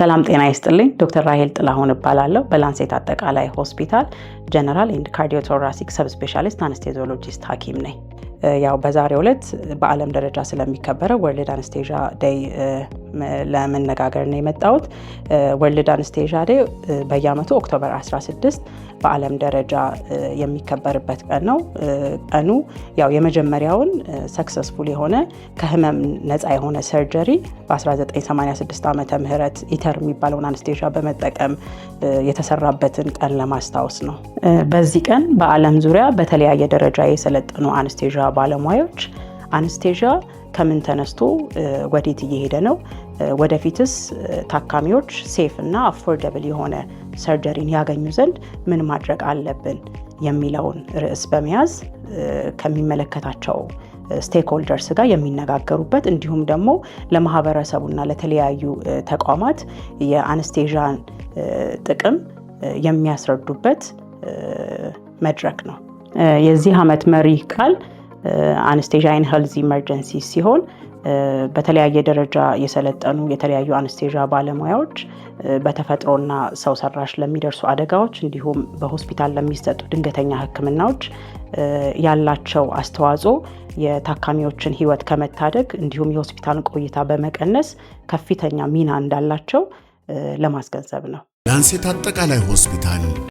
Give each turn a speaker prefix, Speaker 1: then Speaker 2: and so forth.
Speaker 1: ሰላም ጤና ይስጥልኝ። ዶክተር ራሄል ጥላሁን እባላለሁ። በላንሴት አጠቃላይ ሆስፒታል ጀነራል ኤንድ ካርዲዮቶራሲክ ሰብ ስፔሻሊስት አነስቴዞሎጂስት ሀኪም ነኝ። ያው በዛሬ ዕለት በአለም ደረጃ ስለሚከበረው ወርልድ አነስቴዣ ደይ ለመነጋገር ነው የመጣሁት። ወርልድ አንስቴዣ ዴይ በየአመቱ ኦክቶበር 16 በዓለም ደረጃ የሚከበርበት ቀን ነው። ቀኑ ያው የመጀመሪያውን ሰክሰስፉል የሆነ ከህመም ነፃ የሆነ ሰርጀሪ በ1986 ዓመተ ምህረት ኢተር የሚባለውን አንስቴዣ በመጠቀም የተሰራበትን ቀን ለማስታወስ ነው። በዚህ ቀን በዓለም ዙሪያ በተለያየ ደረጃ የሰለጠኑ አንስቴዣ ባለሙያዎች አንስቴዣ ከምን ተነስቶ ወዴት እየሄደ ነው ወደፊትስ ታካሚዎች ሴፍ እና አፎርደብል የሆነ ሰርጀሪን ያገኙ ዘንድ ምን ማድረግ አለብን የሚለውን ርዕስ በመያዝ ከሚመለከታቸው ስቴክሆልደርስ ጋር የሚነጋገሩበት እንዲሁም ደግሞ ለማህበረሰቡና ለተለያዩ ተቋማት የአነስቴዣን ጥቅም የሚያስረዱበት መድረክ ነው። የዚህ ዓመት መሪ ቃል አነስቴዣይን ሄልዝ ኢመርጀንሲ ሲሆን በተለያየ ደረጃ የሰለጠኑ የተለያዩ አንስቴዣ ባለሙያዎች በተፈጥሮና ሰው ሰራሽ ለሚደርሱ አደጋዎች እንዲሁም በሆስፒታል ለሚሰጡ ድንገተኛ ሕክምናዎች ያላቸው አስተዋጽኦ የታካሚዎችን ሕይወት ከመታደግ እንዲሁም የሆስፒታልን ቆይታ በመቀነስ ከፍተኛ ሚና እንዳላቸው ለማስገንዘብ ነው። ላንሴት አጠቃላይ ሆስፒታል